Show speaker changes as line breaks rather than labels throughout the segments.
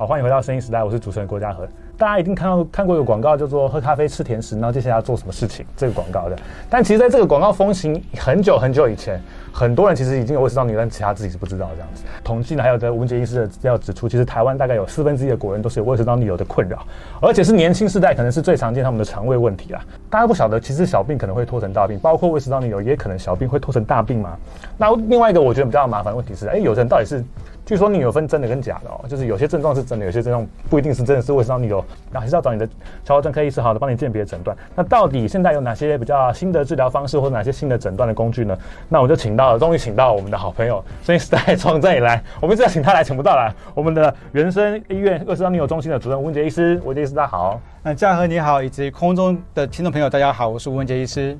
好，歡迎回到《生醫時代》，我是主持人郭嘉和。大家一定看到看過有廣告，叫做喝咖啡吃甜食，然後接下來要做什麼事情？這個廣告的。但其實，在這個廣告風行很久很久以前，很多人其實已經有胃食道逆流，但其他自己是不知道這樣子。統計呢，還有的文杰醫師的資料指出，其實台灣大概有四分之一的國人都是有胃食道逆流的困擾，而且是年輕世代可能是最常見他們的腸胃問題啦。大家不曉得，其實小病可能會拖成大病，包括胃食道逆流也可能小病會拖成大病嘛。那另外一個我覺得比較麻煩的問題是，哎、欸，有的人到底是，據說逆流分真的跟假的哦、喔，就是有些症狀是真的，有些症狀不一定是真的是胃食道逆流。然後還是要找你的消化專科醫師，好的，幫你鑑別診斷。那到底現在有哪些比較新的治療方式，或者哪些新的診斷的工具呢？那我就請到了，終於請到我們的好朋友，生醫時代從這裡來。我們是要請他來，請不到了。我們的員生醫院胃食道逆流中心的主任吳文傑醫師，吳文傑醫師大家好。那嘉禾你好，以及空中的聽眾朋友大家好，我是吳文傑醫師。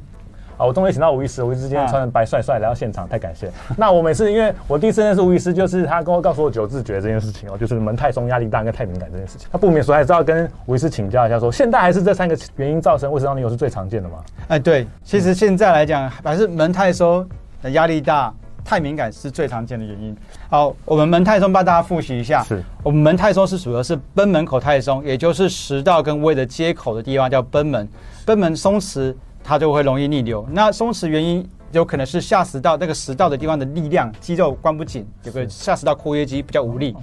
哦、我終於請到吳醫師，吳醫師今天穿白帥帥的白帥帥來到現場，太感謝。 那我每次因為我第一次認識吳醫師，就是他跟我告訴我九字訣這件事情哦，就是門太鬆、壓力大跟太敏感這件事情。他不免說還是要跟吳醫師請教一下說，說現在還是這三個原因造成胃食道逆流是最常見的嗎？哎，對，其實現在來講、嗯、還是門太鬆、壓力
大、太敏感是最常見的原因。好，我們門太鬆，幫大家複習一下，是，我們門太鬆是屬於是賁門口太鬆，也就是食道跟胃的接口的地方叫賁門，賁門鬆弛。它就會容易逆流。那鬆弛原因有可能是下食道那個食道的地方的力量，肌肉關不緊，有個下食道括約肌比較無力。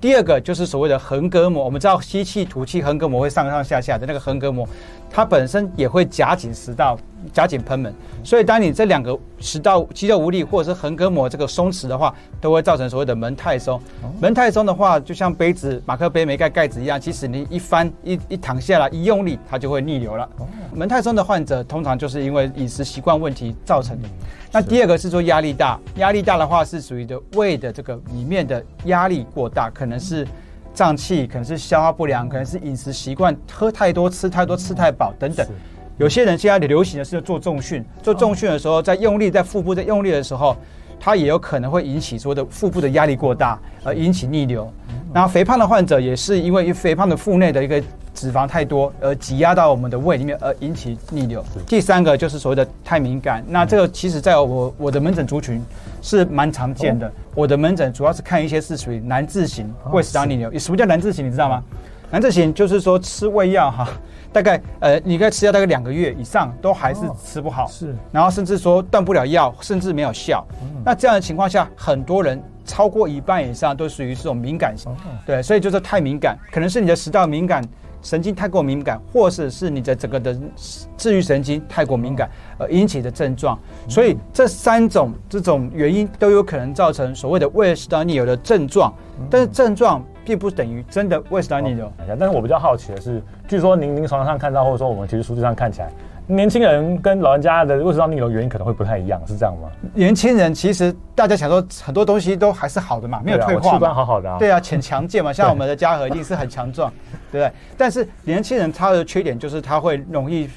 第二個就是所謂的橫膈膜，我們知道吸氣、吐氣，橫膈膜會上上下下的那個橫膈膜。它本身也會夾緊食道，夾緊賁門，所以當你這兩個食道肌肉無力或者是橫膈膜這個鬆弛的話，都會造成所謂的門太鬆。門太鬆的話，就像杯子馬克杯沒蓋蓋子一樣，其實你一翻一一躺下來一用力，它就會逆流了。哦。門太鬆的患者通常就是因為飲食習慣問題造成的。嗯。那第二個是說壓力大，壓力大的話是屬於的胃的這個裡面的壓力過大，可能是。脹氣可能是消化不良，可能是飲食習慣喝太多、吃太多、吃太飽等等。有些人現在流行的是做重訓，做重訓的時候在用力，在腹部在用力的時候，它也有可能會引起說的腹部的壓力過大而引起逆流。那肥胖的患者也是因為肥胖的腹內的一個。脂肪太多而擠壓到我們的胃裡面而引起逆流。第三個就是所謂的太敏感、嗯。那這個其實在我我的門診族群是蠻常見的。哦、我的門診主要是看一些是屬於難治型胃食道逆流。哦、什麼叫難治型？你知道嗎？難、嗯、治型就是說吃胃藥哈，大概呃，你該吃藥大概兩個月以上都還是吃不好。哦、是。然後甚至說斷不了藥，甚至沒有效。嗯、那這樣的情況下，很多人超過一半以上都屬於這種敏感型、哦。對。所以就是太敏感，可能是你的食道敏感。神經太過敏感，或是是你的整個的治愈神經太過敏感，而引起的症狀，oh. 所以這三種這種原因都有可能造成所謂的胃食道逆流的症狀，嗯、但是症狀並不
等於真的胃食道逆流。但是，我比較好奇的是，據說您臨床上看到，或者說我們其實數據上看起來。年輕人跟老人家的為什麼要逆流原因可能會不太一樣，是這樣嗎？年輕
人其實大家想說很多東西都還是好的嘛，沒有退化，器官、啊、好好的啊。對啊，且強健嘛，像我們的家和一定是很強壯，對不對？但是年輕人他的缺點就是他會容易，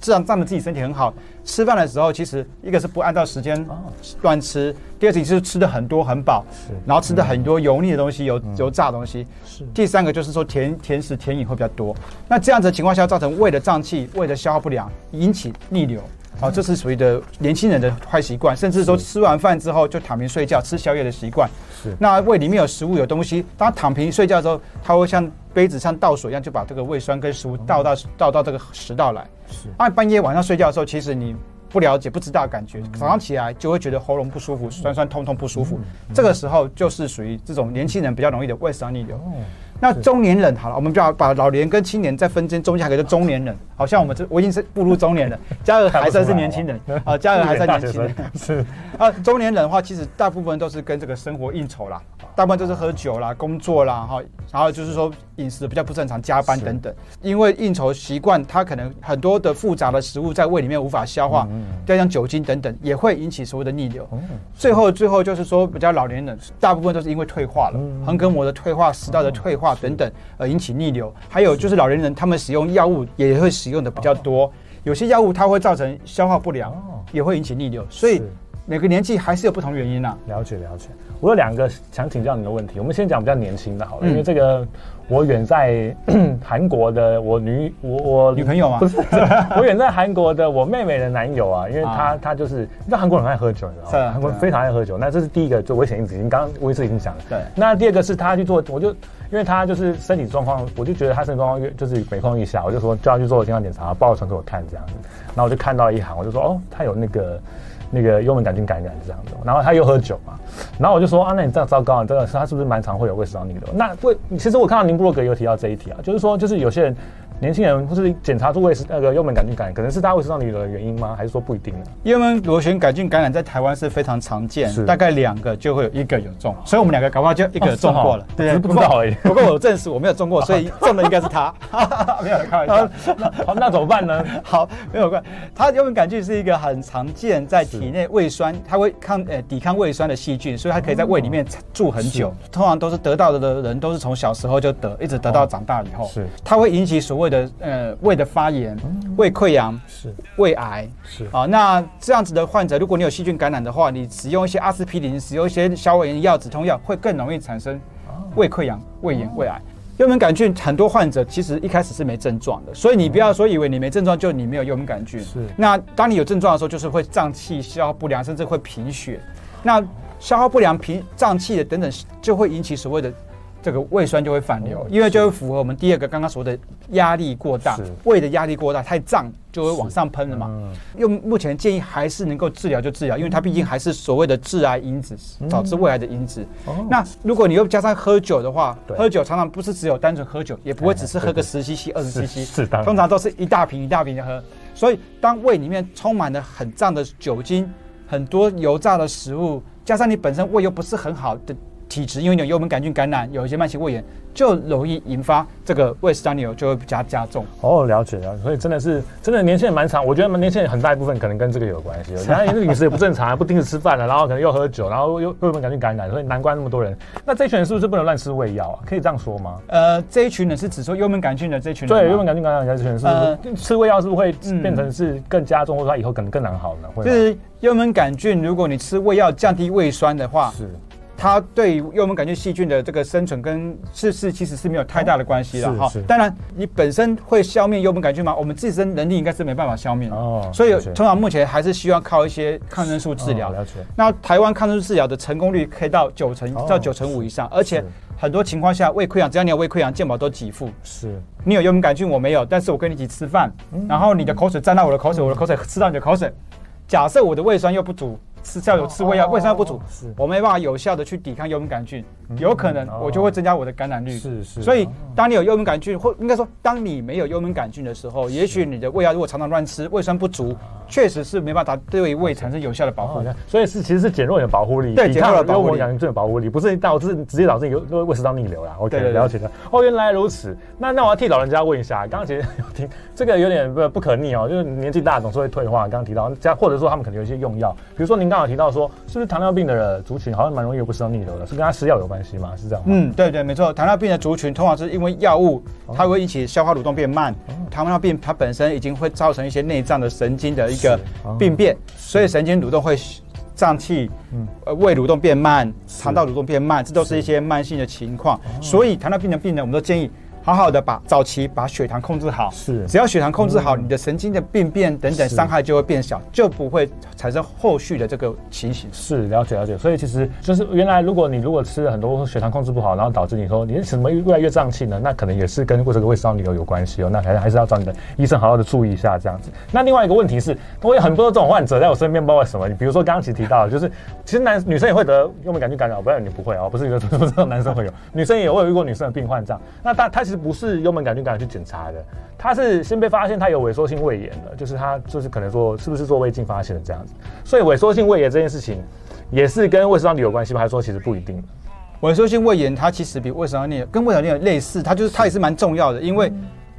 這樣仗着自己身體很好。吃飯的時候，其實一個是不按照時間段吃，第二是你吃的很多很飽，然後吃的很多油膩的東西、油、嗯、油炸東西。是第三個就是說甜甜食甜飲會比較多。那這樣子情況下，造成胃的脹氣、胃的消化不良，引起逆流。嗯哦，這是屬於的年輕人的壞習慣，甚至說吃完飯之後就躺平睡覺、吃宵夜的習慣。是，那胃裡面有食物有東西，當他躺平睡覺的時候，它會像杯子像倒水一樣，就把這個胃酸跟食物倒到、嗯、倒到這個食道來。是，那、啊、半夜晚上睡覺的時候，其實你不了解不知道的感覺、嗯，早上起來就會覺得喉嚨不舒服，酸酸痛痛不舒服、嗯嗯。這個時候就是屬於這種年輕人比較容易的胃酸逆流。哦那中年人好了，我們比較把老年跟青年再分間，中間還可以叫中年人。好像我們這、嗯、我已經是步入中年人，家 人還算是年輕人， 啊，家人還算年輕人。
是
啊，中年人的話，其實大部分都是跟這個生活應酬啦，大部分都是喝酒啦、啊、工作啦，哈，然後就是說飲食比較不正常、加班等等。因為應酬習慣，它可能很多的複雜的食物在胃裡面無法消化，再、嗯嗯、加上酒精等等，也會引起食物的逆流、嗯。最後，最後就是說比較老年人，大部分都是因為退化了，橫膈膜的退化，食道的退化。嗯嗯等等，引起逆流，還有就是老年人他們使用藥物也會使用的比較多，有些藥物它會造成消化不良，也會引起逆流，所以每個年紀還是有
不同原因啦。了解了解，我有兩個想請教你的問題，我們先講比較年輕的好了，因為這個。我遠在韓 國的我女我我女朋友啊，不是， 我遠在韓國的我妹妹的男友啊，因為他他、啊、就是你知道韓國人愛喝酒的，是啊，韓、喔、國人非常愛喝酒、啊。那這是第一個就危險因子，你剛剛威斯已經講了。對，那第二個是他去做，我就因為他就是身體狀況，我就覺得他身體狀況就是每況愈下，我就說叫他去做健康檢查，報告傳給我看這樣子，然後我就看到一行，我就說哦，他、喔、有那個。那個幽門桿菌感染是這樣子，然後他又喝酒嘛，然後我就說啊，那你這樣糟糕，你真的是他是不是蠻常會有胃食道逆流？那胃其實我看到你部落格有提到這一題啊，就是說就是有些人。年輕人或是檢查出胃是那個幽門桿菌感染，可能是胃食道逆流的原因嗎？還是說不一定呢？幽門螺旋桿菌感染在台灣是非常常
見，大概兩個就會有一個有中，哦、所以我們兩個搞不好就一個、哦、中過了，哦、對，不知道而已，不過好一點。不過我證實我沒有中過，所以中的應該是他、哦 啊，沒有開玩笑。好，那怎麼辦呢？ 好，沒有關。他幽門桿菌是一個很常見在體內胃酸，它會抗呃抵抗胃酸的細菌，所以它可以在胃裡面住很久。嗯哦、通常都是得到的的人都是從小時候就得，一直得到長大以後，哦、是它會引起所謂。的呃，胃的發炎、胃潰瘍、嗯、是胃癌，是啊、哦。那這樣子的患者，如果你有細菌感染的話，你使用一些阿司匹林，使用一些消炎藥、止痛藥，會更容易產生胃潰瘍、胃炎、胃癌。幽門桿菌很多患者其實一開始是沒症狀的，所以你不要說以為你沒症狀就你沒有幽門桿菌。是、嗯。那當你有症狀的時候，就是會脹氣、消化不良，甚至會貧血。那消化不良、平脹氣的等等，就會引起所謂的。這個胃酸就會反流，哦，因為就會符合我們第二個剛剛所謂的壓力過大，胃的壓力過大太脹就會往上噴了嘛。嗯。因為目前建議還是能夠治療就治療，嗯，因為它畢竟還是所謂的致癌因子，嗯，導致胃癌的因子。哦。那如果你又加上喝酒的話，喝酒常常不是只有單純喝酒，也不會只是喝個十幾 cc，二十 cc，是的。通常都是一大瓶一大瓶的喝，所以當胃裡面充滿了很脹的酒精，很多油炸的食物，加上你本身胃又不是很好的。體質，因為你有幽門桿菌感染，有一些慢性胃炎，就
容易引發這個胃食道逆流，就會加加重。哦，了解了解，所以真的是，真的年輕人蠻常，我覺得年輕人很大一部分可能跟這個有關係。然後飲食也不正常， 不定時吃飯了，然後可能又喝酒，然後又幽門桿菌感染，所以難怪那麼多人。那這群人是不是不能亂吃胃藥啊？可以這樣說嗎？
呃，這一群人是指說幽門桿菌
的這群人。對，幽門桿菌感染這一群人，感染的這群人是，不是、呃、吃胃藥，是不是會變成是更加重，嗯、或者他以後可能更難好呢？就是幽門桿菌，如果你吃胃藥
降低胃酸的話，是。它對幽門桿菌細菌的這個生存跟逝世事，其實是沒有太大的關係的哈。當然，你本身會消滅幽門桿菌嗎？我們自身能力應該是沒辦法消滅。哦。所以通常目前還是需要靠一些抗生素治療。哦。那台灣抗生素治療的成功率可以到九成，哦，到九成五以上。哦。而且很多情況下，胃潰瘍，只要你有胃潰瘍，健保都給付。是。你有幽門桿菌，我沒有，但是我跟你一起吃飯，嗯，然後你的口水沾到我的口水，嗯，我的口水吃到你的口水。假設我的胃酸又不足。吃藥有吃胃藥，胃酸不足？Oh, oh, oh, oh, oh, oh, oh, oh. 我沒辦法有效的去抵抗幽門桿菌，有可能我就會增加我的感染率。是、嗯、是、哦。所以當你有幽門桿菌、啊，或應該說當你沒有幽門桿菌的時候，也許你的胃藥如果常常亂吃，胃酸不足，確實是沒辦法對胃產生有效的保護，所以是、哦是、是、哦、是其實是減弱你
的保護力，對，減弱了保護力。減弱保護力不是導致直接導致一個胃食道逆流了。我了解了解了。哦、okay，原來如此。那那我要替老人家問一下，剛剛其實有聽這個有點不可逆哦，就是年紀大總是會退化。剛剛提到，加或者說他們可能有一些用藥，比如說你。剛剛有提到說，是不是糖尿病的族群好像蠻容易有胃食道逆流的，是跟他吃藥有關係嗎？是這樣嗎？嗯，對對，沒錯，糖尿病的族
群通常是因為藥物、okay. 它會引起消化蠕動變慢，okay. 糖尿病它本身已經會造成一些內臟的神經的一個病變，哦、所以神經蠕動會脹氣、嗯，呃，胃蠕動變慢，腸道蠕動變慢，這都是一些慢性的情況，哦、所以糖尿病的病人，我們都建議。好好的把早期把血糖控制好，是，只要血糖控制好，嗯、你的神經的
病變等等傷害就會變小，就不會產生後續的這個情形。是，了解了解。所以其實就是原來如果你如果吃了很多血糖控制不好，然後導致你說你什麼越來越脹氣呢？那可能也是跟這個胃燒瘤有關係哦。那可能還是要找你的醫生好好的注意一下這樣子。那另外一個問題是，我有很多這種患者在我身邊，包括什麼？你比如說剛剛其實提到的，就是其實男女生也會得幽門桿菌感染，不然你不會哦，不是你的，男生會有， 女生也有。遇過女生的病患這樣。那他他其實。不是幽門桿菌感染去檢查的，他是先被發現他有萎縮性胃炎的。就是他就是可能說是不是做胃鏡發現的這樣子，所以萎縮性胃炎這件事情也是跟胃食道逆流有關係嗎？還是說其實不一定？萎縮性胃炎它其實比胃食道逆流跟胃食道逆流有
類似，它就是它也是蠻重要的，因為。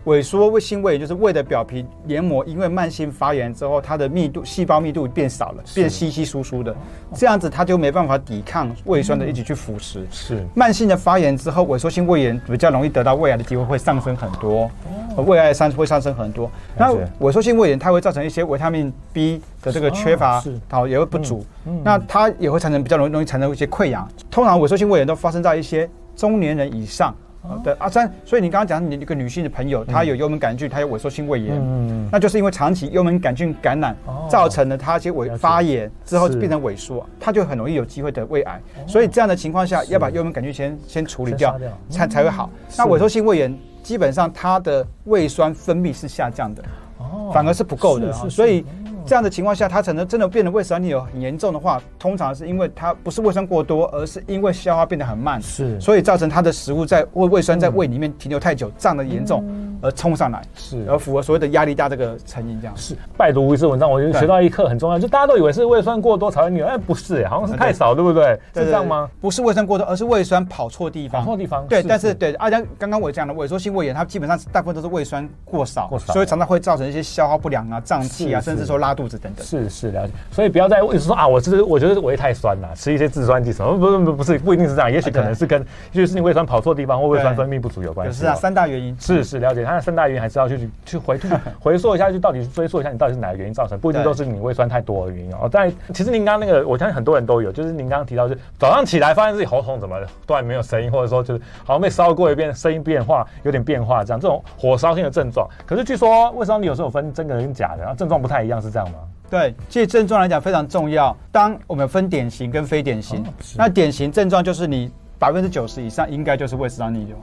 萎縮性胃炎就是胃的表皮黏膜，因為慢性發炎之後，它的密度、細胞密度變少了，變稀稀疏疏，疏的，這樣子它就沒辦法抵抗胃酸的一起去腐蝕、嗯。是，慢性的發炎之後，萎縮性胃炎比較容易得到胃癌的機會會上升很多，哦、胃癌上會上升很多。那萎縮性胃炎它會造成一些維他命 B 的這個缺乏，好、哦、也會不足、嗯嗯。那它也會產生比較容易容易產生一些潰瘍。通常萎縮性胃炎都發生在一些中年人以上。哦、對，阿、啊、三，所以你剛剛講你一個女性的朋友，嗯、她有幽門桿菌，她有萎縮性胃炎、嗯，那就是因為長期幽門桿菌感染、哦、造成了她一些萎發炎之後變成萎縮，呃、她就很容易有機會得胃癌、哦。所以這樣的情況下，要把幽門桿菌先先處理掉，掉才、嗯、才會好。那萎縮性胃炎基本上它的胃酸分泌是下降的，哦、反而是不夠的，所以。嗯這樣的情況下，它可能真的變得胃酸有很嚴重的話，通常是因為它不是胃酸過多，而是因為消化變得很慢，是，所以造成它的食物在胃胃酸在胃裡面停留太久，脹、嗯、得嚴重。嗯而衝上來是，而符合所謂的壓力大這個成因這樣
是。拜讀吳醫師文章，我就學到一課很重要，就大家都以為是胃酸過多才會你，哎、欸，不是、欸，好像是太少，對、嗯、不對？是這樣嗎？不是胃酸過多，而是胃酸跑錯地方。跑錯地方。對，是是，但是對啊，像
剛剛我講的萎縮性胃炎，它基本上大部分都是胃酸過少，過少，所以常常會造成一些消化不良
啊、脹氣啊，是是，甚至說拉肚子等等的。是是，了解，所以不要再一直說啊，我是我覺得胃太酸了，吃一些制酸劑什麼，嗯、不不不不是，不一定是這樣，也許可能是跟、okay. 也許是你胃酸跑錯地方或胃酸分泌不足有關係、喔。有是啊，三大原因是是，了解。嗯那三大原因還是要去去回去回溯一下，去 到底追溯一下你到底是哪個原因造成，不一定都是你胃酸太多的原因哦。哦，但其實您剛剛那個，我相信很多人都有，就是您剛剛提到、就是，就早上起來發現自己喉嚨怎麼突然沒有聲音，或者說就是好像被燒過一遍，聲音變化有點變化這樣，這種火燒心的症狀。可是據說胃燒你有時候分真的跟假的，然、啊、後症狀不太一樣，是這樣嗎？對，其實症狀來講非常重要。當我們分典型跟
非典型，好好，那典型症狀就是你百分之九十以上應該就是胃食道逆流，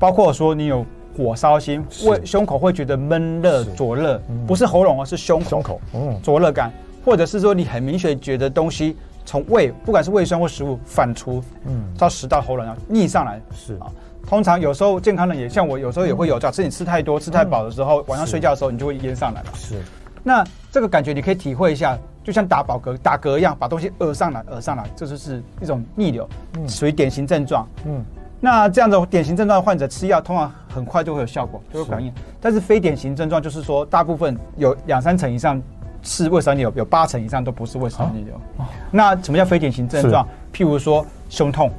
包括說你有。火燒心，胃胸口會覺得悶熱灼熱，嗯，不是喉嚨啊，是胸口胸口，嗯，灼熱感，或者是說你很明顯覺得東西從胃，不管是胃酸或食物反出，嗯，到食道喉嚨要逆上來，是啊。通常有時候健康人也像我，有時候也會有，假、嗯、設你吃太多、吃太飽的時候，嗯，晚上睡覺的時候你就會嚥上來是、啊、是，那這個感覺你可以體會一下，就像打飽嗝、打嗝一樣，把東西嘔上來、嘔上來，這就是一種逆流，屬於典型症狀。嗯。嗯嗯那這樣的典型症狀患者吃藥通常很快就會有效果，就會反應。但是非典型症狀就是說，大部分有兩三成以上是胃酸流，有八成以上都不是胃酸流，啊。那什麼叫非典型症狀？譬如說胸痛。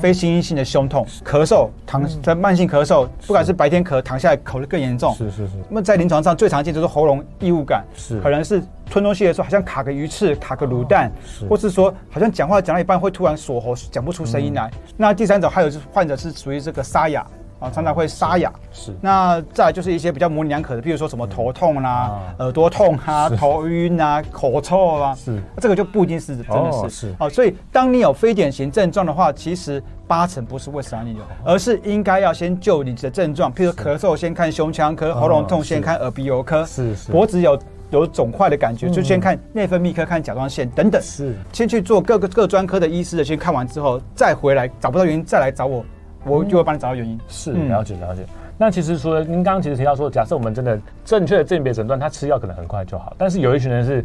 非心因性的胸痛、咳嗽、躺在慢性咳嗽，嗯，不管是白天咳，躺下來咳就更嚴重。是是是。那麼在臨床上最常見就是喉嚨異物感，是可能是吞東西的時候好像卡個魚刺、卡個滷蛋、哦是，或是說好像講話講到一半會突然鎖喉，講不出聲音來、嗯。那第三種還有是患者是屬於這個沙啞。啊，常常會沙啞、哦。是。那再來就是一些比較模棱兩可的，譬如說什麼頭痛啦、啊嗯嗯、耳朵痛啊、頭暈啊、口臭啊。是。啊、這個就不一定是真的是、哦，是。是、哦。所以當你有非典型症狀的話，其實八成不是為啥你有胃食道逆流，而是應該要先救你的症狀。譬如咳嗽先看胸腔科，喉嚨痛先看耳鼻喉科。是、哦、是。脖子有有腫塊的感覺，就先看內分泌科，嗯、看甲狀腺等等。是。先去做各個各專
科的醫師的先看完之後，再回來找不到原因再來找我。我就會幫你找到原因、嗯、是，了解了解。那其實除了您剛剛其實提到說，假設我們真的正確的鑑別診斷，他吃藥可能很快就好。但是有一群人是，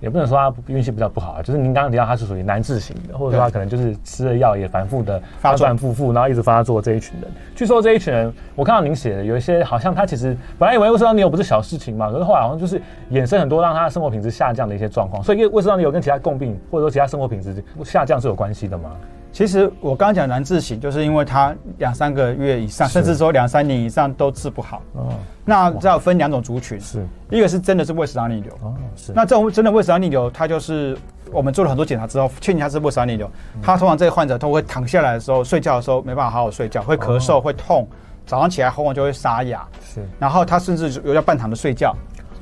也不能說他運氣比較不好啊，就是您剛剛提到他是屬於難治型的，或者說他可能就是吃了藥也反覆的發作反复复，然後一直發作這一群人。據說這一群人，我看到您寫的有一些好像他其實本來以為胃食道逆流不是小事情嘛，可是後來好像就是衍生很多讓他的生活品質下降的一些狀況。所以胃食道逆流跟其他共病或者說其他生活品質下降是有關係的嗎？其實我剛剛講難治型，就是因為他兩三個月以上，甚至
說兩三年以上都治不好。哦、那這要分兩種族群，是，一個是真的是胃食道逆流、哦。是。那這種真的胃食道逆流，它就是我們做了很多檢查之後，確定它是胃食道逆流、嗯。他通常這個患者都會躺下來的時候、睡覺的時候沒辦法好好睡覺，會咳嗽、哦、會痛，早上起來喉嚨就會沙啞。是。然後他甚至有要半躺著睡覺。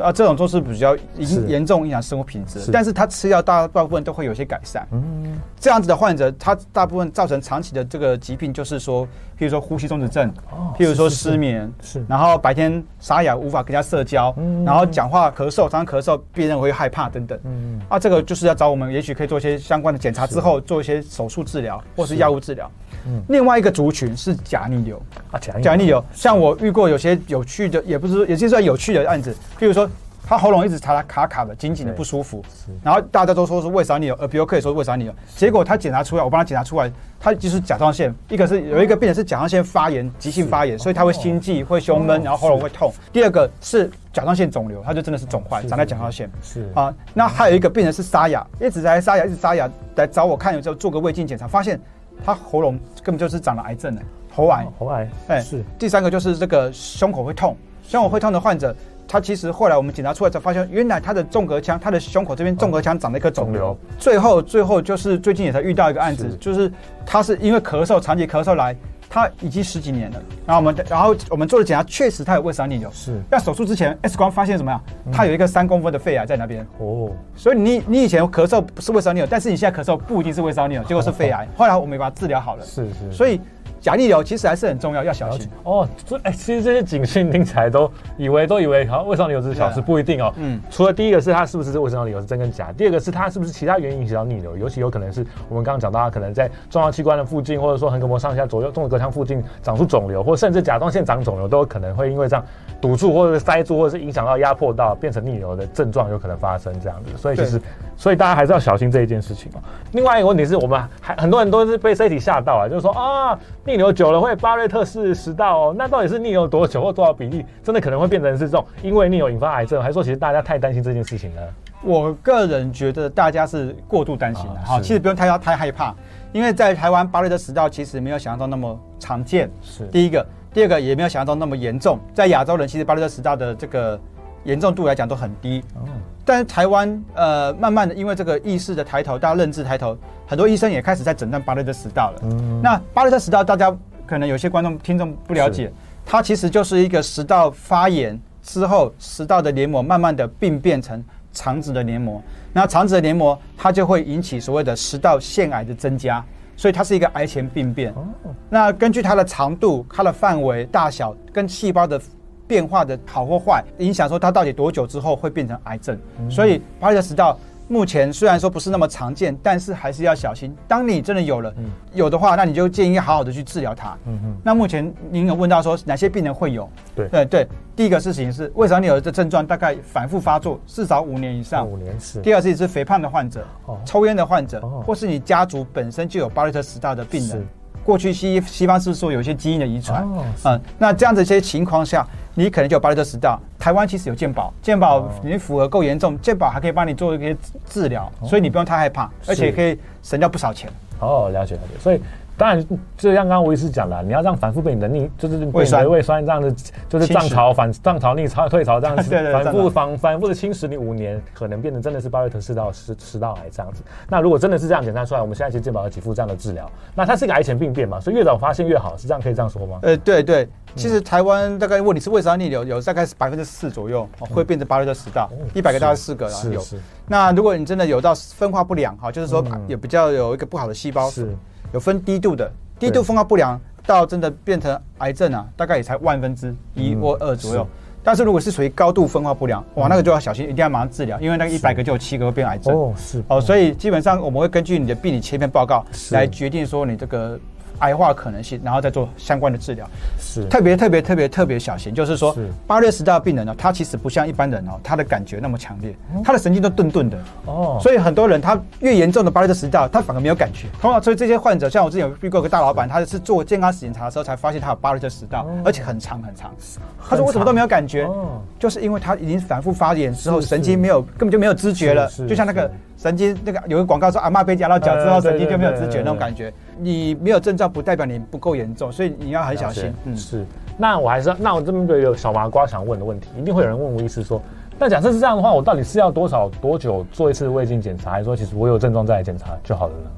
啊，這種就是比較已經嚴重影響生活品質，但是他吃藥大大部分都會有些改善。嗯，這樣子的患者，他大部分造成長期的這個疾病，就是說，譬如說呼吸中止症，哦、譬如說失眠，是、是、是，然後白天沙啞無法跟人家社交，然後講話咳嗽，常常咳嗽，病人會害怕等等。嗯、嗯，啊，這個就是要找我們，也許可以做一些相關的檢查之後，做一些手術治療或是藥物治療。另外一個族群是假逆流啊，假逆流，像我遇過有些有趣的，也不是說，有些算有趣的案子，比如說他喉嚨一直查卡卡卡的、緊緊的不舒服，然後大家都說是胃酸逆流，呃，比如可以說胃酸逆流，結果他檢查出來，我幫他檢查出來，他就是甲狀腺，一個是有一個病人是甲狀腺發炎、急性發炎，所以他會心悸、會胸悶，然後喉嚨會痛；第二個是甲狀腺腫瘤，他就真的是腫塊長在甲狀腺，是啊，那還有一個病人是沙啞，一直在沙啞，一直沙啞，來找我看，之後做個胃鏡檢查，發現。他喉嚨根本就是長了癌症了，喉癌，哦、喉癌，哎、欸，是第三個就是這個胸口會痛，胸口會痛的患者，他其實後來我們檢查出來才發現，原來他的縱隔腔，他的胸口這邊縱隔腔長了一顆腫瘤。最後，最後就是最近也才遇到一個案子，是就是他是因為咳嗽，長期咳嗽來。他已經十幾年了，然後我們，然後我們做的檢查確實他有胃酸逆流。是。在手術之前，X 光發現什麼呀？他有一個三公分的肺癌在那邊。哦。所以你你以前咳嗽是胃酸逆流，但是你現在咳嗽不一定是胃酸逆流，結果是肺癌。好好後來我們也把他治療好了。是是。所以。假逆流其實還是很重要，要小心，要
要小心哦。這哎、欸，其實這些警訊聽起來都以為都以為好，胃食道逆流只是小事。是啊啊，不一定哦。嗯，除了第一個是它是不是胃食道逆流是真跟假，第二個是它是不是其他原因引起到逆流，尤其有可能是我們剛剛講到，它可能在重要器官的附近，或者說橫膈膜上下左右縱隔腔附近長出腫瘤，或甚至甲狀腺長腫瘤，都有可能會因為這樣堵住，或者是塞住，或者是影響到壓迫到變成逆流的症狀，有可能發生這樣子。所以其實，所以大家還是要小心這一件事情哦。另外一個問題是，我們還很多人都是被媒體嚇到啊，就是說啊，逆流久了會巴瑞特氏食道哦，那到底是逆流多久或多少比例，真的可能會變成是這種因為逆流引發癌症？還是說其實大家太擔心這件事情了？我個人覺得大家是過度擔心了，哈、啊，好，其實不用太要太
害怕，因為在台灣巴瑞特食道其實沒有想象中那麼常見，是第一個，第二個也沒有想象中那麼嚴重，在亞洲人其實巴瑞特食道的這個嚴重度來講都很低，哦、但是台灣呃慢慢的因為這個意識的抬頭，大家認知抬頭，很多醫生也開始在診斷巴瑞特氏食道了。嗯、那巴瑞特氏食道，大家可能有些觀眾聽眾不了解，它其實就是一個食道發炎之後，食道的黏膜慢慢的病變成腸子的黏膜，那腸子的黏膜它就會引起所謂的食道腺癌的增加，所以它是一個癌前病變。哦、那根據它的長度、它的範圍、大小跟細胞的。變化的好或壞，影響說它到底多久之後會變成癌症。嗯、所以巴瑞特氏食道目前雖然說不是那麼常見，但是還是要小心。當你真的有了、嗯、有的話，那你就建議好好的去治療它。嗯，那目前您有問到說哪些病人會有？對對、對第一個事情是，為啥你有這症狀大概反复發作至少五年以上，五年是。第二是你是肥胖的患者，哦、抽菸的患者，或是你家族本身就有巴瑞特氏食道的病人。過去西西方是說有一些基因的遺傳，哦、嗯，那這樣子一些情況下，你可能就巴瑞特氏食道。台灣其實有健保，健保你符合夠嚴重，哦、健保還可以幫你做一些治療，哦、所以你不用太害怕，而且可以省掉不少錢。
哦，了解了解，所以。當然，就像剛剛吳醫師講了，你要這反覆被你的逆，就是胃酸胃酸這樣子，就是漲潮反漲潮，潮，潮，潮，潮，潮逆潮退潮，潮，潮，潮這樣子， 反覆反反覆的侵蝕你五年，可能變成真的是巴瑞特食道食食道癌這樣子。那如果真的是這樣檢查出來，我們現在其實健保有給付這樣的治療。那它是一個癌前病變嘛，所以越早發現越好，是這樣可以這樣說嗎？
呃，對對，其實台灣大概如果、嗯、你是胃酸逆流有大概是百分之四左右會變成巴瑞特食道，一百個大概四個啦，是有。是是。那如果你真的有到分化不良哈，就是說也比較有一個不好的細胞。是。有分低度的，低度分化不良到真的變成癌症啊，大概也才萬分之一或二左右，嗯。但是如果是屬於高度分化不良，哇，那個就要小心，一定要馬上治療，因為那個一百個就有七個會變癌症哦。是哦，所以基本上我們會根據你的病理切片報告來決定說你這個。癌化可能性，然後再做相關的治療，是特別特別特別特別小心。就是說，巴瑞特氏食道的病人呢、哦，他其實不像一般人哦，他的感覺那麼強烈、嗯，他的神經都鈍鈍的哦。所以很多人，他越嚴重的巴瑞特氏食道，他反而沒有感覺。同樣，所以這些患者，像我之前有遇過一個大老板，他是做健康檢查的時候才發現他有巴瑞特氏食道、哦，而且很長很長,很長。他說我什麼都沒有感覺，哦、就是因為他已經反复發炎之後，神經沒有是是根本就沒有知覺了。是是是就像那個神經是是那個有一個廣告說，阿媽被夾到腳之後，神經就沒有知覺那種感
覺。哎你沒有症狀不代表你不夠嚴重，所以你要很小心。嗯，是，那我還是那我這邊就有小麻瓜想問的問題，一定會有人問吳醫師說，那假設是這樣的話，我到底是要多少多久做一次胃鏡檢查，還是說其實我有症狀再來檢查就好了呢？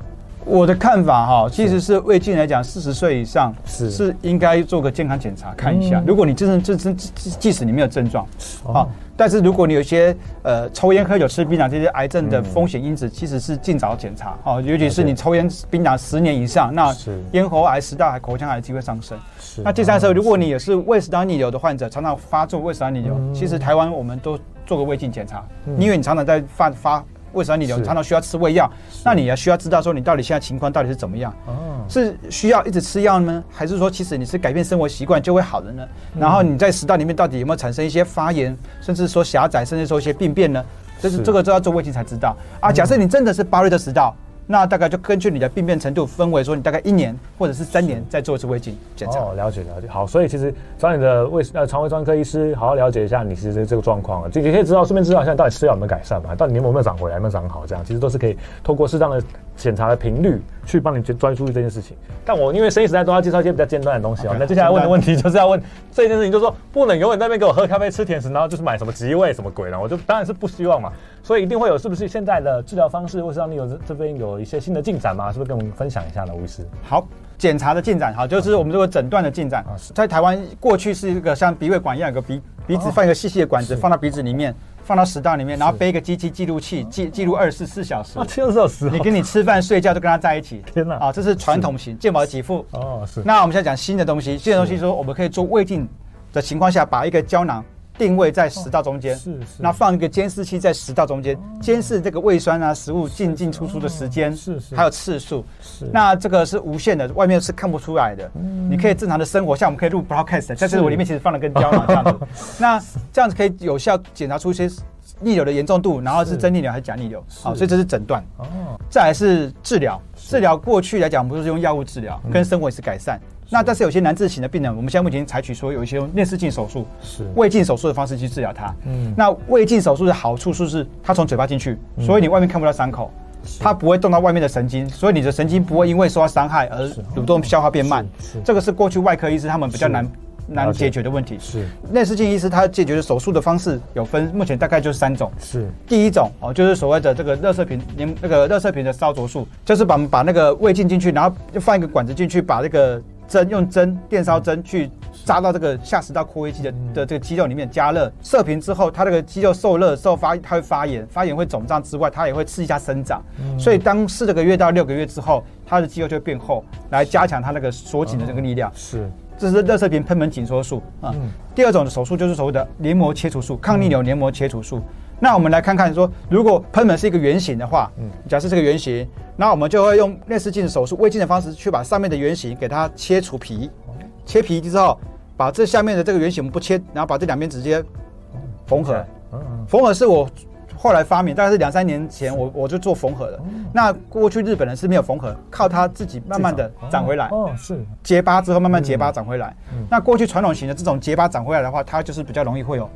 我的看法哈、哦，其實是胃鏡來講，四十歲以上是應該做個健康檢查看一下。嗯、如果你真正、真即即使你沒有症狀、哦啊，但是如果你有些呃抽煙、喝酒、吃檳榔這些癌症的風險因子、嗯，其實是盡早檢查、啊、尤其是你抽煙檳榔十年以上、啊，那咽喉癌、食道癌、口腔癌的機會上升。那第三是，如果你也是胃食道逆流的患者，常常發作胃食道逆流，嗯、其實台灣我們都做個胃鏡檢查、嗯，因為你常常在發發。為什麼你常常需要吃胃藥？那你要需要知道說你到底現在情況到底是怎麼樣？哦、是需要一直吃藥呢？還是說其實你是改變生活習慣就會好的呢、嗯？然後你在食道裡面到底有沒有產生一些發炎，甚至說狹窄，甚至說一些病變呢？這，就是這個都要做胃鏡才知道啊。假設你真的是巴瑞特氏食道。嗯嗯那大概就根據你的
病變程度分為，說你大概一年或者是三年再做一次胃鏡檢查。哦，了解了解。好，所以其實找你的呃胃呃腸胃專科醫師好好了解一下你其實這個狀況，就你可以知道順便知道現在到底吃藥有沒有改善嘛，到底黏膜有沒有長回來，有沒有長好，這樣其實都是可以透過適當的。檢查的頻率去幫你去專注這件事情，但我因為生醫時代都要介紹一些比較尖端的東西哦。那、okay, 接下來問的問題就是要問這一件事情就是，就說不能永遠在那邊給我喝咖啡、吃甜食，然後就是買什麼極味什麼鬼的，我就當然是不希望嘛。所以一定會有，是不是現在的治療方式或是讓你有這這邊有一些新的進展嗎？是不是跟我們分享一下呢，吳醫師？好。檢查的進展哈，就是我們這個診斷的進展、嗯啊，在台灣
過去是一個像鼻胃管一樣，有一個鼻鼻子放一個細細的管子、啊、放到鼻子裡面，放到食道裡面，然後背一個機器記錄器、啊、記記錄二十四小時時、啊，你跟你吃飯、啊、睡覺都跟他在一起。天哪！啊，這是傳統型健保的給付哦。
是。
那我們現在講新的東西，新的東西說我們可以做胃鏡的情況下，把一個膠囊。定位在食道中間，那、哦、放一個監視器在食道中間，監、哦、視這個胃酸啊、食物進進出出的時間、哦，還有次數，那這個是無線的，外面是看不出來的。嗯、你可以正常的生活，像我們可以錄 broadcast，但是，是我裡面其實放了根膠囊這樣子。那這樣子可以有效檢查出一些逆流的嚴重度，然後是真逆流還是假逆流，好、哦，所以這是診斷、哦。再來是治療。治療過去來講，不是用藥物治療跟生活也是改善。嗯、那但是有些難治型的病人，我們現在目前採取說有一些用內視鏡手術、胃鏡手術的方式去治療它。嗯，那胃鏡手術的好處是不是它從嘴巴進去，所以你外面看不到傷口，它、嗯、不會動到外面的神經，所以你的神經不會因為受到傷害而蠕動消化變慢是、嗯是是。這個是過去外科醫師他們比較難。難解決的問題是，內視鏡醫師，他解決的手術的方式有分，目前大概就是三種。是第一種哦，就是所謂的這個熱射頻，連那個熱射頻的燒灼術，就是把我們把那個胃鏡進去，然後就放一個管子進去，把這個針用針電燒針去扎到這個下食道括約肌的、嗯、的這個肌肉裡面加熱射頻之後，它這個肌肉受熱受發，它會發炎，發炎會腫脹之外，它也會刺激下生長。嗯、所以當四個月到六個月之後，它的肌肉就會變厚，來加強它那個鎖緊的這個力量。哦、是。這是熱射頻噴門緊縮術啊。第二種手術就是所謂的黏膜切除術，抗逆流黏膜切除術、嗯。那我們來看看說，說如果噴門是一個圓形的話，嗯，假設這個圓形，那我們就會用類似內視鏡手術、胃鏡的方式去把上面的圓形給它切除皮、嗯，切皮之後，把這下面的這個圓形我們不切，然後把這兩邊直接縫合。縫、嗯嗯嗯、合是我。後來發明大概是兩三年前，我我就做縫合了、哦。那過去日本人是沒有縫合，靠他自己慢慢的長回來。哦，哦，是結疤之後慢慢結疤長回來。嗯、那過去傳統型的這種結疤長回來的話，它就是比較容易會有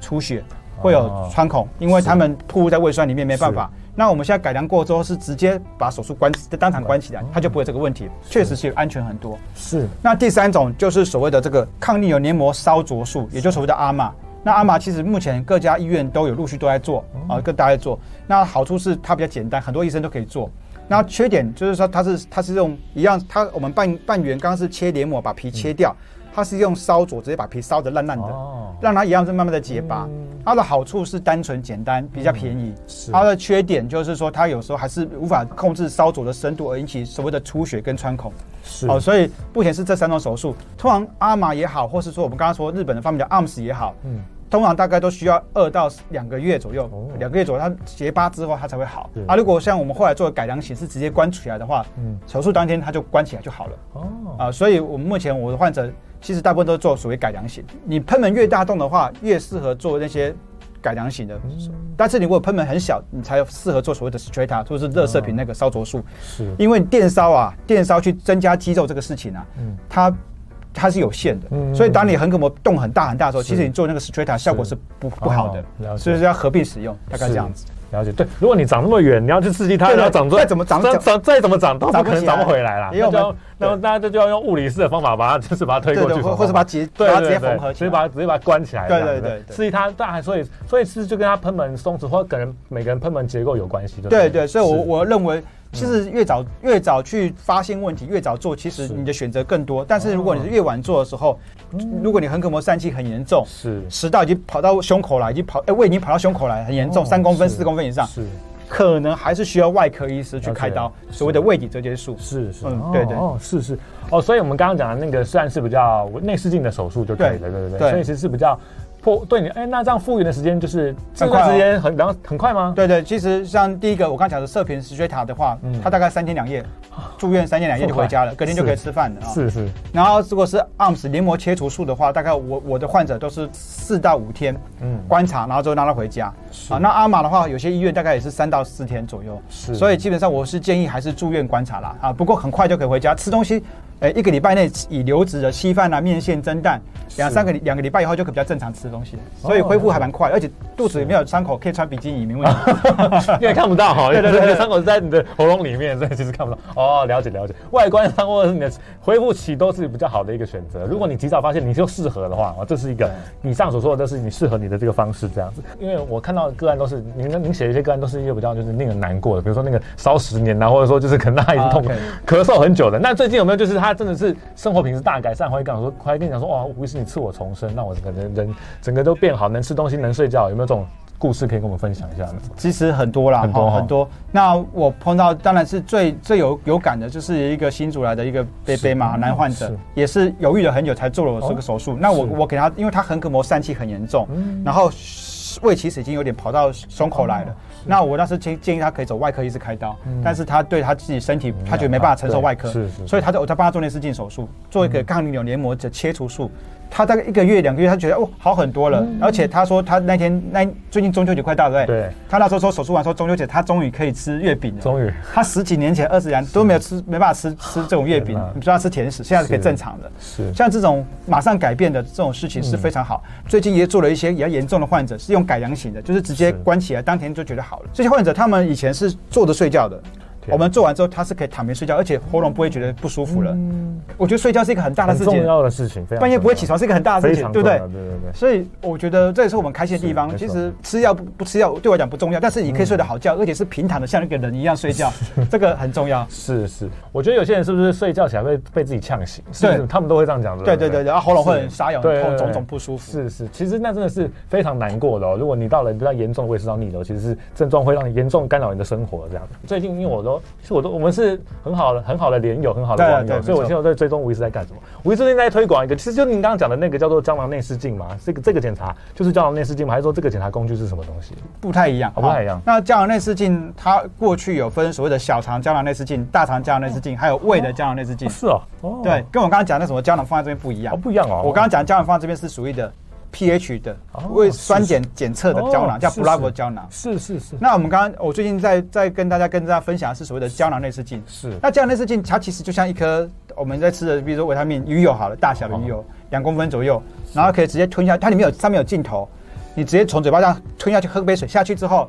出血，哦、會有穿孔，因為他們暴露在胃酸裡面沒辦法。那我們現在改良過之後是直接把手術關當場關起來，哦、它就不會有這個問題，確實是安全很多。是。那第三種就是所謂的這個抗逆有粘膜燒灼術，也就是所謂的阿瑪。那阿瑪其實目前各家醫院都有陸續都在做啊、嗯，各大家在做。那好處是它比較簡單，很多醫生都可以做。那缺點就是說，它是它是用一樣，它我們半半圓剛是切黏膜把皮切掉，嗯、它是用燒灼直接把皮燒得爛爛的、哦，讓它一樣是慢慢的結疤、嗯。它的好處是單純簡單，比較便宜、嗯是。它的缺點就是說，它有時候還是無法控制燒灼的深度而引起所謂的出血跟穿孔。是哦，所以目前是這三種手術，通常阿瑪也好，或是說我們剛剛說日本的方面叫 arms 也好，嗯。嗯通常大概都需要二到2個月左右、oh. 兩個月左右，兩個月左右，它結疤之後它才會好。啊，如果像我們後來做的改良型是直接關起來的話，嗯、手術當天它就關起來就好了。哦、oh.，啊，所以我們目前我的患者其實大部分都是做所謂改良型。你噴門越大洞的話，越適合做那些改良型的。嗯、但是你如果噴門很小，你才適合做所謂的 Stretta，i g 就是熱射頻那個燒灼術。是、啊，因為電燒啊，電燒去增加肌肉這個事情啊，嗯、它。它是有限的，嗯嗯所以當你橫膈膜動很大很大的時候，其實你做那個 Stretta 效果是不不好的哦哦，所以要合併使用，大概這樣子。
了解，對。如果你長那麼遠，你要去刺激它，你要長再怎麼長長,長,長再怎麼長,長不都不可能長不回來了，然後那麼大家就就要用物理式的方法把它就是把它推過去，或者把它直接縫合起來，對,對,對。把它直接把它關起來。對,對對對，刺激它，大還所以所以,所以是就跟它賁門鬆弛或可能每個人賁門結構有關係、就是，對,對對。所以我，我
我認為。其實越早越早去發現問題，越早做，其實你的選擇更多。但是如果你是越晚做的時候，哦、如果你橫膈膜疝氣很嚴重，食道已經跑到胸口來，已經跑，哎、欸，胃已經跑到胸口來，很嚴重，
三、哦、公分、四公分以上，是可能還是需要外科醫師去開刀，okay, 所謂的胃底折疊術。是是，嗯，是是哦、對對,對哦，是是哦，所以我們剛剛講的那個算是比較內視鏡的手術就可以了，對對對,對,對，所以其實是比較。對你哎、那這樣復原的時間就是這段時間很、很、哦、然
後很快嗎？對對，其實像第一個我剛才講的射頻石血塔的話，它、嗯、大概三天兩夜、哦、住院，三天兩夜就回家了，隔天就可以吃飯了。是是。然後如果是 Arms 粘膜切除術的話，大概我我的患者都是四到五天，嗯，觀察，然後就讓他回家。啊。那阿瑪的話，有些醫院大概也是三到四天左右。是。所以基本上我是建議還是住院觀察啦啊，不過很快就可以回家吃東西。哎、欸，一個禮拜內以流質的稀飯啊、麵線、蒸蛋，兩三個兩個禮拜以後就可以比較正常吃東西的、哦，所以恢復還蠻快，而且肚子也沒有傷口，可以穿比基
尼沒問題， 因為看不到哈。對對對,對，傷口是在你的喉嚨裡面，所以其實看不到。哦，了解了解，外觀上或者是你的恢復期都是比較好的一個選擇。如果你及早發現你就適合的話，這是一個。以上所說的都是你適合你的這個方式這樣子，因為我看到的個案都是您您寫的一些個案都是一些比較就是令人難過的，比如說那個燒十年吶、啊，或者說就是可能他已經痛、啊 okay、咳嗽很久的。那最近有沒有就是他？他真的是生活品質大改善，會跟我說，會跟你講說，哇、哦，無疑是你賜我重生，讓我整個人，人整個都變好，能吃東西，能睡覺。有沒有這種故事可以跟我們分享一下呢？其實很多啦很多，哦哦，很多。那我碰到當然是最最有有感的，
就是一個新竹來的一個伯伯嘛，男患者，是也是猶豫了很久才做了我這個手術，哦。那我我給他，因為他橫膈膜疝氣很嚴重，嗯，然後。胃其實已經有點跑到胸口來了，是是，那我當時建建議他可以走外科醫師開刀，嗯、但是他對他自己身體、嗯，他覺得沒辦法承受外科，嗯啊、是是是，所以他就我才幫他做內視鏡手術，做一個抗逆流黏膜的切除術。嗯嗯他大概一個月，兩個月，他覺得哦，好很多了。嗯、而且他說，他那天那最近中秋節快到了，對，他那時候說手術完說中秋節他終於可以吃月餅了。終於，他十幾年前，二十年都沒有吃，沒辦法吃吃這種月餅，啊，你不知道，吃甜食，現在是可以正常的
是。是，像
這種馬上改變的這種事情是非常好。嗯、最近也做了一些比較嚴重的患者，是用改良型的，就是直接關起來，當天就覺得好了。這些患者他們以前是坐着睡覺的。Okay. 我們做完之後，他是可以躺平睡覺，而且喉嚨不會覺得不舒服了、嗯。我覺得睡覺是一個很大的事情，重要
的事情，半夜不
會起床是一個很大的事情，對不對？對對對。所以我覺得這也是我們開心的地方。其實吃藥不不，吃藥對我來講不重要對對對，嗯，但是你可以睡得好覺，而且是平躺的，像一個人一樣睡覺，這個很重要。是是，是，是，
我覺得有些人是不是睡覺起來被被自己嗆醒，是，是是他們都會這樣講的對。對對對，對，然後喉嚨會很沙啞、對種種不舒服。是是，其實那真的是非常難過的。哦。如果你到了你比較嚴重的胃食道逆流，其實是症狀會讓你嚴重干擾你的生活。這樣，最近因為我都。哦、是，我都我們是很好的、很好的連友，很好的觀眾，所以我現在在追蹤吳醫師在幹什麼。吳一最近在推廣一個，其實就您剛剛講的那個叫做膠囊內視鏡嘛，這個這個檢查就是膠囊內視鏡還是說這個檢查工具是什麼東西？不太一樣，
好哦、不太一樣。那膠囊內視鏡它過去有分所謂的小腸膠囊內視鏡、大腸膠囊內視鏡，還有胃的膠囊內視鏡。是哦，對，跟我剛剛講那什麼膠囊放在這邊不一樣、哦，不一樣哦。我剛剛講膠囊放在這邊是屬於的。pH 的為、哦、酸檢檢測的膠囊是是，叫 Bravo 膠囊。是是是。那我們剛剛，我最近在在跟大家跟大家分享的是所謂的膠囊內視鏡。是。那膠囊內視鏡，它其實就像一顆我們在吃的，比如說維他命魚油好了，大小的魚油，兩、哦、公分左右，然後可以直接吞下。它裡面有上面有鏡頭，你直接從嘴巴上吞下去，喝杯水下去之後，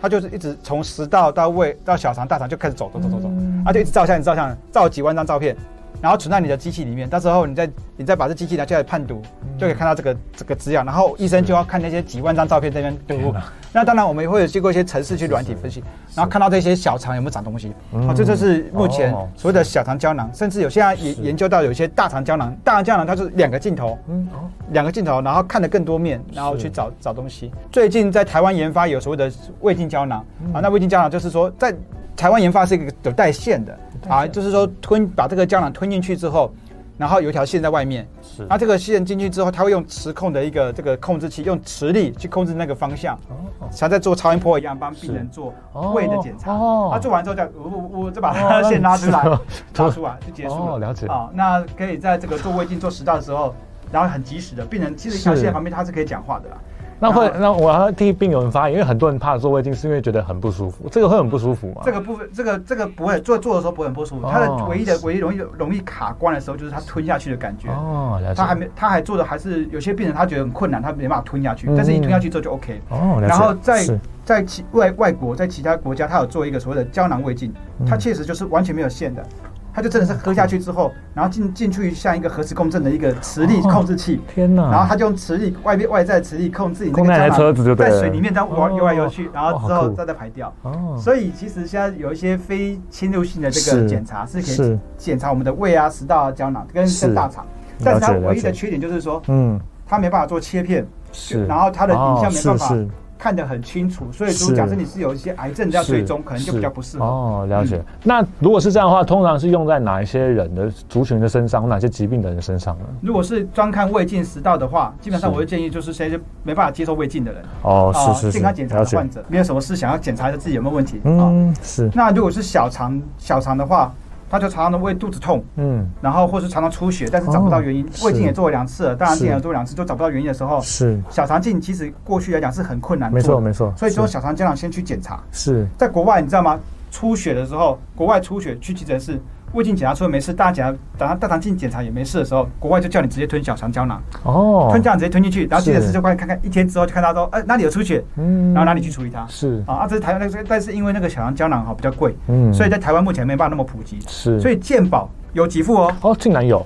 它就是一直從食道到胃到小腸大腸就開始走走走走走，啊、嗯、就一直照相直照相照幾萬張照片。然後存在你的機器裡面，到時候你再你再把這機器拿下來判讀、嗯，就可以看到這個這個資料。然後醫生就要看那些幾萬張照片這邊讀。那當然，我們也會經過一些程式去軟體分析是是，然後看到這些小腸有沒有長東西。好、嗯，這、啊、就，就是目前所謂的小腸膠囊，哦、甚至有現在研研究到有一些大腸膠囊。大腸膠囊它是兩個鏡頭，嗯、啊，兩個鏡頭，然後看的更多面，然後去找找東西。最近在台灣研發有所謂的胃鏡膠囊、嗯、啊，那胃鏡膠囊就是說在。台灣研發是一個有帶線的啊，就是說吞，把這個膠囊吞進去之後，然後有一條線在外面。是。那這個線進去之後，它會用磁控的一個這個控制器，用磁力去控制那個方向。哦，像在做超音波一樣，幫病人做胃的檢查。哦。他做完之後，再我我再把他的線拉出來，拉出來就結束了。了解。那可以在這個做胃鏡、做食道的時候，然後很及時的，病人其實一條線旁邊他是可以講話的啦。
那會那我要替病友們發言，因為很多人怕做胃鏡是因為覺得很不舒服，這個會很不舒服嗎？
這個部分，這個這個不會做做的時候不會很不舒服，哦、它的唯一的唯一容易容易卡關的時候就是它吞下去的感覺哦，他還沒他還做的還是有些病人他覺得很困難，他沒辦法吞下去，嗯、但是一吞下去之後就 OK 哦、嗯，然後在在其外外國在其他國家他有做一個所謂的膠囊胃鏡、嗯，它確實就是完全沒有線的。他就真的是喝下去之後，然後進進去像一個核磁共振的一個磁力控制器，哦、天哪！然後他就用磁力外邊外在磁力控制你這個膠囊在水裡面這樣玩游來游去，然後之後再再排掉、哦。所以其實現在有一些非侵入性的這個檢查、哦、是,是可以檢查我們的胃啊、食道、啊、膠囊跟跟大腸，但是他唯一的缺點就是說，
嗯，
他沒辦法做切片，是，是然後他的影像、哦、沒辦法。看得很清楚，所以如果假設你是有一些癌症要追蹤，可能就比較不適合哦。
了解、嗯。那如果是這樣的話，通常是用在哪一些人的族群的身上，哪些疾病的人身上
呢？如果是專看胃鏡食道的話，基本上我會建議就是誰誰沒辦法接受胃鏡的人
哦，是、是、是、是健康檢查的患
者，沒有什麼事想要檢查一下自己有沒有問題，嗯、哦，是、是。那如果是小腸小腸的話。他就常常的胃肚子痛，嗯，然後或是常常出血，但是找不到原因，哦、胃鏡也，也做了兩次，大腸鏡也做了兩次，都找不到原因的時候，是小腸鏡，其實過去來講是很困難的。沒錯沒錯，所以說小腸經常先去檢查，是在國外你知道嗎？出血的時候，國外出血去急診室。胃鏡檢查出來沒事，大腸、等他大腸鏡檢查也沒事的時候，國外就叫你直接吞小腸膠囊。
哦、oh,，吞膠囊直
接吞進去，然後急診室就過來看看，一天之後就看他說，哎、欸，哪裡有出血、嗯，然後哪裡去處理它。是啊，這是台灣，但是因為那個小腸膠囊哈比較貴、嗯，所以在台灣目前沒辦法那麼普及。是，所以健保。有給付哦！哦，竟然有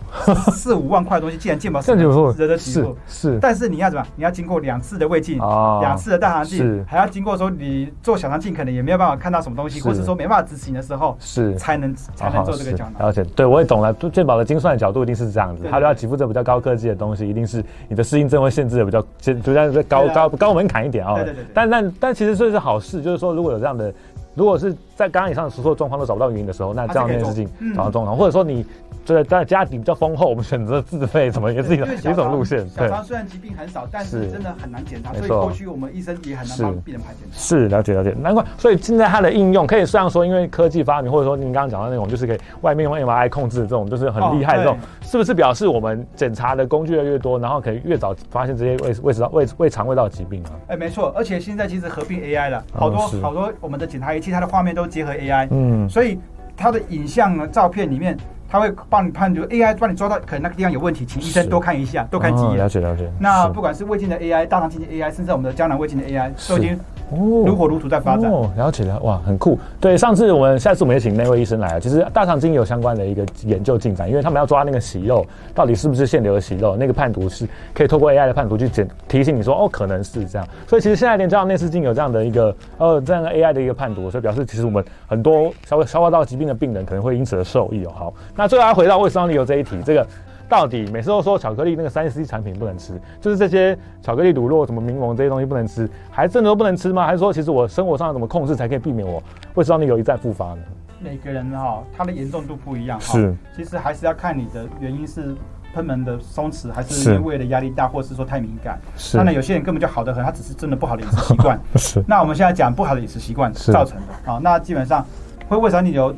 四五萬塊東西，竟然健保是值得給付。是，是，但是你要怎麼？你要經過兩次的胃鏡，兩、哦、次的大腸鏡，還要經過說你做小腸鏡可能也沒有辦法看到什麼東西，是或者說沒辦法執行的時候，是才能才能做這個膠囊、
哦、而且，對我也懂了，健保的精算的角度一定是這樣子，他要給付這比較高科技的東西，一定是你的適應症會限制的比較，就是高高、啊、高門檻一點啊、哦。但但但其實這是好事，就是說如果有這樣的，如果是。在剛剛以上的所有狀況都找不到原因的時候，那、啊、這樣的事情、嗯、找到狀況，或者說你就是在家底比較豐厚，我們選擇自費，怎麼也是一的，小一種路線？對，雖然疾病很少，
但是真的很難檢查，所以過去我們醫生也很難把病人排
檢查是。是，了解，了解，難怪。所以現在它的應用可以像說，因為科技發明，或者說您剛剛講到那種，就是可以外面用 AI 控制的這種，就是很厲害的這種、哦，是不是表示我們檢查的工具越多，然後可以越早發現這些胃胃食道、胃胃腸、胃道疾病啊？哎、欸，
沒錯，而且現在其實合併 AI 了好多、哦、好多我們的檢查儀器，它的畫面都。結合 AI，嗯，所以它的影像啊、照片裡面，它會幫你判斷 AI 幫你抓到可能那個地方有問題，請醫生多看一下，多看幾眼、哦。了
解，了解。那不
管是胃鏡的 AI、大腸鏡的 AI，甚至我們的膠囊胃鏡的 AI，都已經。哦，如火
如荼在發展，哦哦、了解了哇，很酷。對，上次我們，下次我們也請那位醫生來了。其實大腸鏡有相關的一個研究進展，因為他們要抓那個息肉，到底是不是腺瘤的息肉，那個判讀是可以透過 A I 的判讀去檢提醒你說，哦，可能是這樣。所以其實現在連這樣內視鏡有這樣的一個呃、哦、這樣的 A I 的一個判讀，所以表示其實我們很多消消化道疾病的病人可能會因此而受益哦。好，那最後要回到胃酸逆流這一題，這個。到底每次都說巧克力那個三 C 產品不能吃，就是這些巧克力、乳酪、什麼檸檬這些東西不能吃，還真的都不能吃嗎？還是說其實我生活上怎麼控制才可以避免我胃食道逆流一再復發呢？
每個人哈、哦，他的嚴重度不一樣哈、哦。是。其實還是要看你的原因是賁門的鬆弛，還是因為胃的壓力大，或是說太敏感。是。那有些人根本就好得很，他只是真的不好的飲食習慣。 是。那我們現在講不好的飲食習慣造成的啊、哦，那基本上會不會逆流？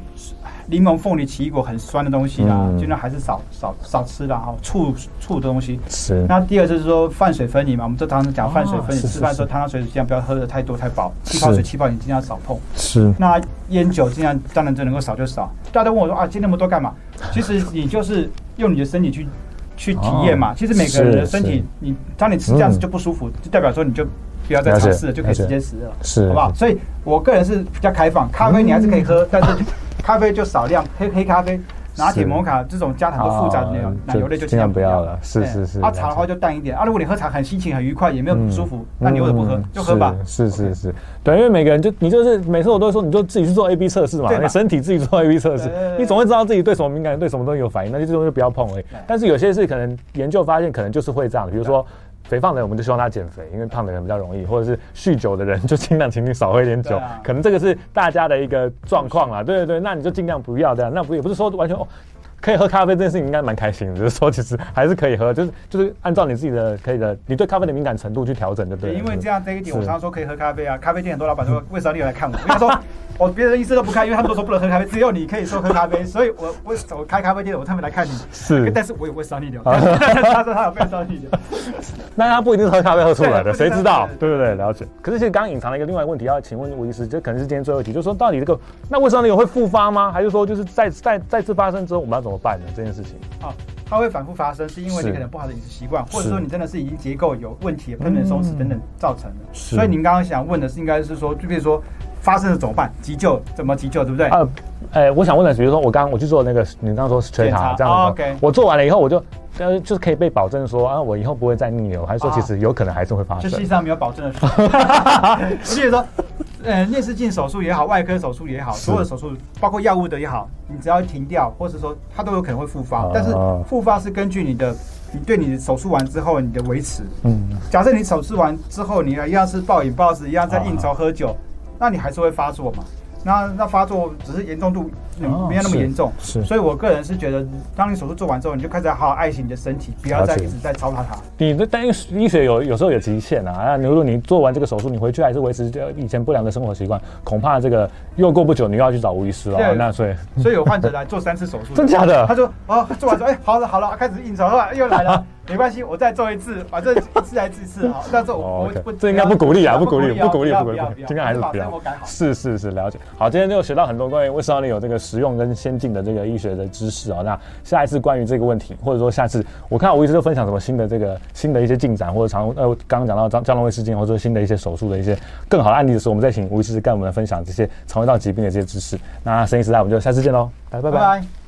檸檬、鳳梨、奇異果很酸的東西啦，儘、嗯、量還是少少少吃了哈、哦。醋醋的東西，是。那第二就是說飯水分離嘛，我們正常講飯水分離，你、哦、吃飯的時候湯湯水水儘量不要喝的太多太飽。是。氣泡水、氣泡你儘量少碰。是。那菸酒儘量當然就能夠少就少。大家都問我說啊，今那麼多幹嘛？ 其實你就是用你的身體去去體驗嘛、哦。其實每個人的身體你，你當你吃這樣子就不舒服，嗯、就代表說你就。不要再嘗試了，就可以直接吃了，是，好不好？所以，我個人是比較開放，咖啡你還是可以喝，是但是，咖啡就少量，嗯、黑黑咖啡、拿鐵、摩卡這種加糖的複雜的那種、哦、奶油類就盡量不要
了。是、嗯、是是。啊，茶的話就淡一點，啊，淡一點啊。如果你喝茶很心情很愉快，也沒有不舒服，嗯、那你為什麼不喝？嗯、就喝吧。是、okay、是是，是，對，因為每個人就你就是每次我都會說，你就自己去做 A B 測試嘛，你身體自己做 A B 測試，對對對對，你總會知道自己對什麼敏感人，對什麼東西有反應，那就這種就不要碰了。但是有些事可能研究發現，可能就是會這樣，比如說。肥胖的人，我們就希望他減肥，因為胖的人比較容易；或者是酗酒的人，就盡量請你少喝一點酒，對啊。可能這個是大家的一個狀況啦，嗯，對對對，那你就盡量不要這樣，對啊，那不也不是說完全哦。可以喝咖啡這件事情應該蠻開心的，就是說其實還是可以喝，就是就是按照你自己的可以的，你對咖啡的敏感程度去調整，就對了，是不是？因為這樣這一點，我常常
說可以喝咖啡啊。咖啡店很多老闆說，為什麼你有來看我？ 他說，我別人醫師都不看，因為他們都說不能喝咖啡，只有你可以說喝咖啡。所以，我為什麼開咖啡店，我特別來看你？是，但是我也會傷你掉。他說他
有被傷你掉 那他不一定是喝咖啡喝出來的，誰知道？對不對，對？了解。可是現在剛剛隱藏了一個另外一個問題，要請問吳醫師，就可能是今天最後一題，就是說到底這個，那胃食道逆流會復發嗎？還是，是說就是再再再次發生之後我們要怎麼？怎麼辦呢？這件事
情、哦、它會反复發生，是因為你可能不好的飲食習慣，或者說你真的是已經結構有問題、賁門鬆弛等等造成的、嗯。所以您剛剛想問的是，應該是說，就比如說發生了怎麼辦？急救怎麼急救，對不對？呃、
啊，哎、欸，我想問的是，比如說我剛剛我去做那個，你剛剛說是椎塔這樣、哦、OK，我做完了以後，我就就是可以被保證說啊，我以後不會再逆流，還是說其實有可能還是會發生？就事實上
沒有保證的事所說。 是 呃、嗯，內視鏡手術也好，外科手術也好，所有的手術，包括藥物的也好，你只要停掉，或者說它都有可能會復發。Uh. 但是復發是根據你的，你對你的手術完之後你的維持。嗯，假設你手術完之後，你一樣是暴飲暴食，一樣在應酬喝酒，uh. 那你還是會發作嘛。那那發作只是嚴重度沒有那麼嚴重、哦是，是，所以我個人是覺得，當你手術做完之後，你就開始好好愛惜你的身體，不要再一直在糟
蹋它。你但醫學有有時候有極限啊，啊，如果你做完這個手術，你回去還是維持這以前不良的生活習慣，恐怕這個又過不久你又要去找吳醫師了、啊。對，那所以
所以有患者來做三次手術， 真的假的？他說，哦，做完說，哎、欸，好了好了，開始應酬了，又來了。 沒關係，我再做一次，反正一次來是幾次哈、 喔。但是我，、oh, okay. 我不不，這應該不鼓勵啊，不鼓勵，不鼓勵，不鼓勵。今
天還是鼓勵。是是是，了解。好，今天就學到很多關於為什麼你有這個實用跟先進的這個醫學的知識啊、哦。那下一次關於這個問題，或者說下次，我看我吳醫師都分享什麼新的這個新的一些進展，或者腸呃剛剛講到張張龍衛事件，或者說新的一些手術的一些更好的案例的時候，我們再請吳醫師跟我們分享這些腸胃道疾病的這些知識。那生醫時代我們就下次見嘍，拜拜拜。Bye bye